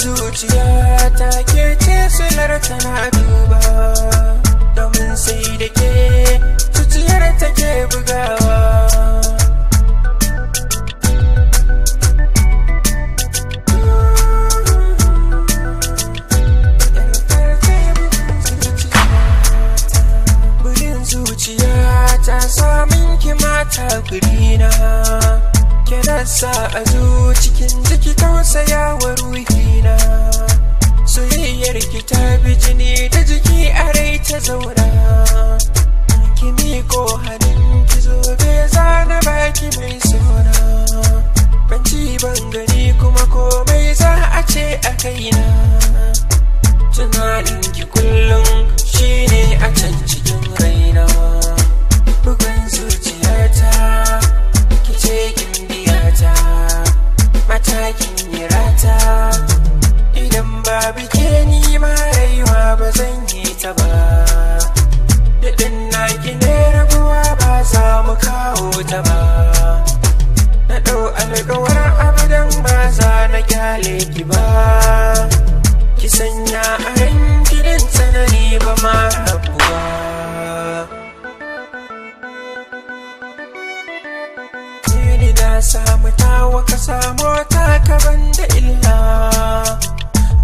zuciya ta ke ce silar tana duba domin sai da ke zuciyar ta ke bugawa zuciya ta samun kima ta gurina kina sa a zuciya kaina tunanin ki kullum shine a can cikin raina bugun zuciyata ki ce kin biya matakin yirata idan babu ke ni ma rayuwa ba zan yi ta ba wa ka samu ta ka da illa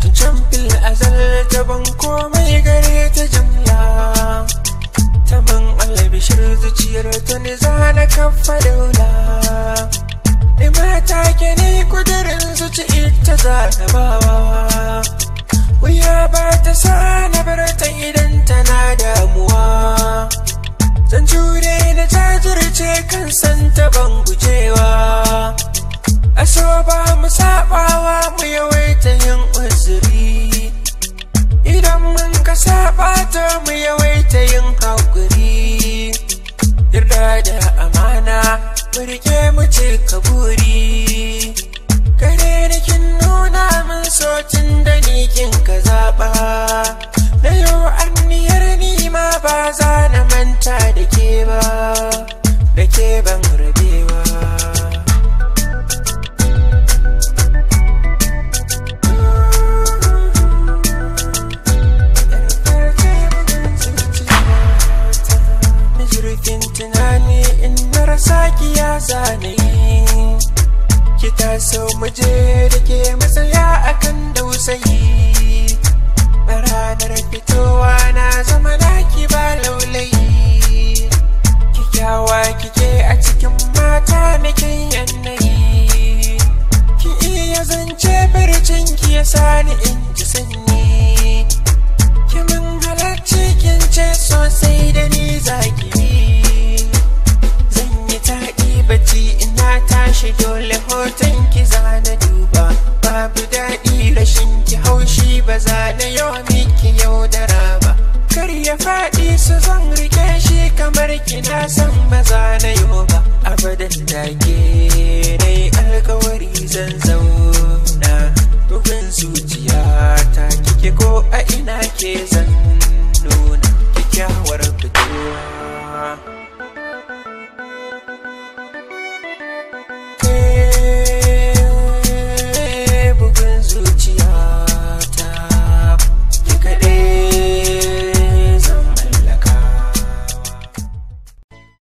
ta can fil azal ta ban komai gare ta jimla ta man albishir zuciyar ta za zana kafa daula ni mata ke ni kudirin zuci ita zagabawa, wuya ba ta sa mu sabawa mu yawaita yin uzuri idan mun ka saba mu yawaita yin hakuri yarda da amana mu rike mu ce kaburi kare da kin nuna min socin da ni kin ka zaba na yau anniyar niyar nima ba za na manta da ke ba da ke ban rabi cikin tunani in marasa ki ya zane ki so muje da ke matsaya akan dausayi a ranar fitowa na zama naki ba laulayi kyawa kike a cikin mata nake yanayi ki iya zance ki ya sani in ji sanyi shin ki haushi ba za na yawa miki yaudara ba kar ya faɗi su zan rike shi kamar kina san ba za na yau ba abadan da ke na alkawari zan zauna bugun zuciya ta kike ko a ina ke zan nuna kyakkyawar fitowa Gucci